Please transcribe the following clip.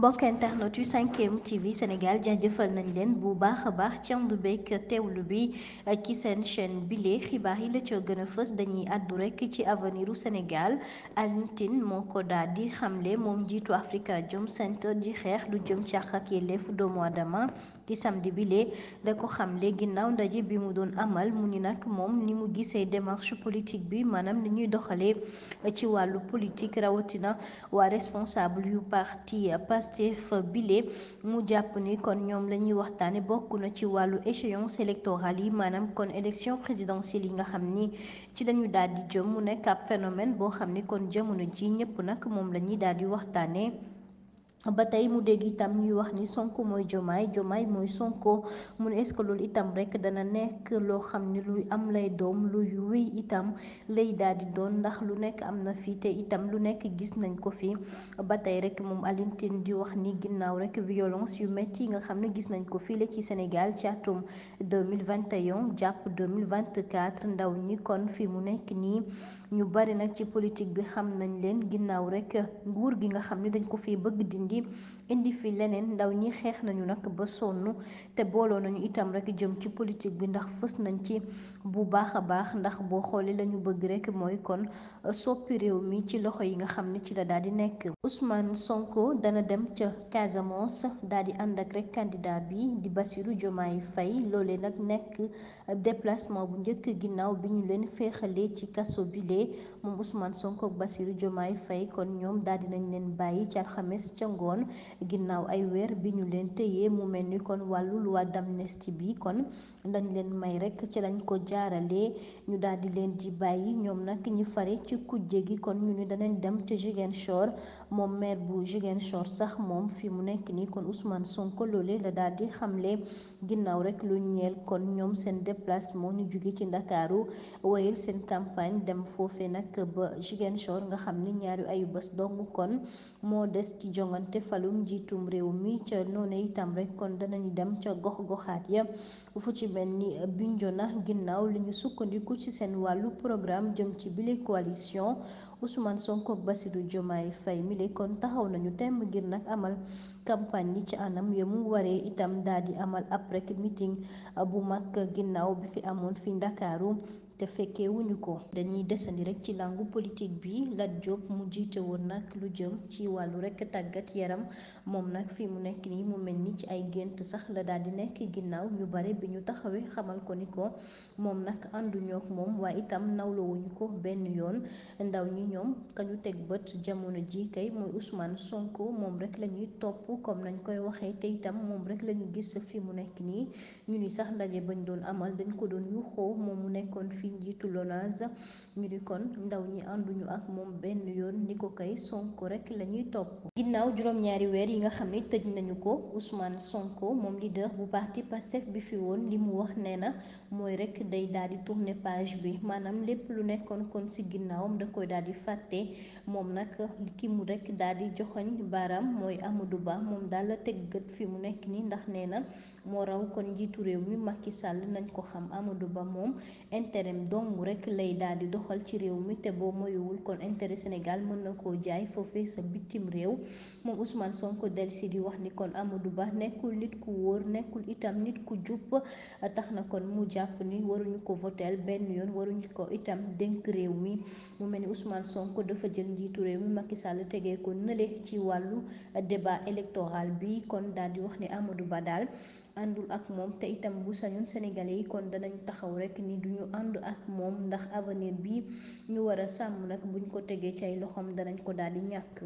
mbokk internet yu 5M TV Sénégal jëfal nañ leen bu baax a baax ci àndu beeg teewlu bi ci seen chaîne bile xibaar yi la ca gën a fës dañuy àddu rekk ci avenir u Sénégal Alioune moo ko daal di xamle moom jiitu Afrikajom Center di xeex lu jëm ci àq ak yelleefu doomu aadama ci samedi bile da ko xamle ginnaaw ndaje bi mu doon amal mu ni nag moom ni mu gisee démarche politique bi maanaam ni ñuy doxalee ci wàllu politique rawatina waa responsable yu parti Pastef bile mu jàpp ni kon ñoom la ñuy waxtaane bokk na ci wàllu échéance électorale yi maanaam kon élection présidentielle yi nga xam ni ci lañu daal di jëm mu nekk ab phénomène boo xam ni kon jamono ji ñëpp nag moom la ñuy daal di waxtaane ba tey mu dégg itam ñuy wax ni Sonko mooy Jomaay Jomaay mooy Sonko mu ne est itam rek dana nekk loo xam ne luy am lay doom luy wéy itam lay daal doon ndax lu nekk am na fii itam lu nekk gis nañ ko fi ba tey rek moom Alioune Tine wax ni ginnaaw rek violence yu métti yi nga xam ne gis nañ ko fii la ci Sénégal ci atum 2021 jàpp 2024 ndaw ñi kon fi mu nekk nii ñu bari nag ci politique bi xam nañ leen ginnaaw rek nguur gi nga xam ne dañ ko fi bëgg di indi indi fi leneen ndaw ñi xeex nañu nag ba sonn te booloo nañu itam rek jëm ci politique bi ndax fës nañ ci bu baax a baax ndax boo xoolee lañu bëgg rek mooy kon euh, soppi réew mi ci loxo yi nga xam ne ci la daal di nekk Ousmane Sonko dana dem ca Casamance daal di ànd ak rek candidat bi di Bassirou Diomaye Faye loolee nag nekk déplacement bu njëkk ginnaaw bi ñu leen féexalee ci kaso bile moom Ousmane Sonko ak Bassirou Diomaye kon ñoom daal di leen bàyyi ngoon ginnaaw ay weer bi ñu leen tëyee mu mel ni kon wàllu loi d'amnistie bi kon dañ leen may rek ci lañ ko jaarale ñu daal di leen di bàyyi ñoom nag ñi fare ci kujje gi kon ñu ni danañ dem ca Ziguinchor moom meer bu Ziguinchor sax moom fi mu nekk nii kon Ousmane sonkolole la daal di xamle ginnaaw rek lu ñeel kon ñoom seen déplacement ñu jóge ci Ndakaaru wayel seen campagne dem foofe nag ba Ziguinchor nga xam ni ñaari ayu bés dong kon moo des ci jongante falum njiitum réew mi ca noonu itam rek kon danañu dem ca gox goxaat ya fu ci mel ni binjo Bignona ginnaaw li ñu sukkandiku ci seen wàllu programme jëm ci bile coalition Ousmane Sonko ak Bassirou Diomaye Faye mi le kon taxaw nañu temm ngir nag amal campagne yi ci anam ya mu waree itam daal di amal ab rek mitin bu mag ginnaaw bi fi amoon fi Ndakaaru te fekkee ko dañuy desandi rek ci langu politique bi Lat Diop mu jiite woon nag lu jëm ci wàllu rek tàggat yaram moom nag fi mu nekk nii mu mel ni ci ay gént sax la daal di nekk ginnaaw ñu bare bi ñu taxawee xamal ko ni ko moom nag ànduñoo moom waaye itam nawlowuñu ko benn yoon ndaw ñi ñoom kañu teg bët jamono jii kay mooy Ousmane Sonko moom rek la ñuy topp comme nañ koy waxee te itam moom rek lañu ñu gis fi mu nekk nii ñu ni sax ndaje bañ doon amal dañ ko doon yuuxoo fi njiitu LONASE ñu di kon ndaw ñi ànduñu ak moom benn yoon ni ko kay Sonko rek lañuy topp ginnaaw juróom-ñaari weer yi nga xam ne tëj nañu ko usmaan Sonko moom leader bu baax ci Pastef bi fi woon li mu wax nee na mooy rek day daal di tourner page bi maanaam lépp lu nekkoon kon ci ginnaawam da koy daal di fàtte moom nag ki mu rek daal di joxoñ baaraam mooy Amadou Ba moom daal la teg gët fi mu nekk nii ndax nee na moo raw kon njiitu réew mi Macky Sall nañ ko xam Amadou intérêt dong rekk lay daal di doxal ci réew mi te boo moyuwul kon intérêt Sénégal mën na koo jaay foofee sa bitim réew moom Ousmane sonk delsi di wax ni kon amadu Ba nekkul nit ku wóor nekkul itam nit ku jub tax na kon mu jàpp ni waruñu ko votel benn yoon waruñu ko itam dénk réew mi mu mel ni Ousmane sonk dafa jël njiitu réew mi Macky Sall tegee ko nële ci wàllu débat électoral bi kon daal di wax ni amadu Ba daal àndul ak moom te itam bu sañoon sénégalais yi kon danañ taxaw rek ni duñu ànd ak moom ndax avenir bi ñu war a sàmm nag buñ ko tegee cay ay loxoom danañ ko daal di ñàkk.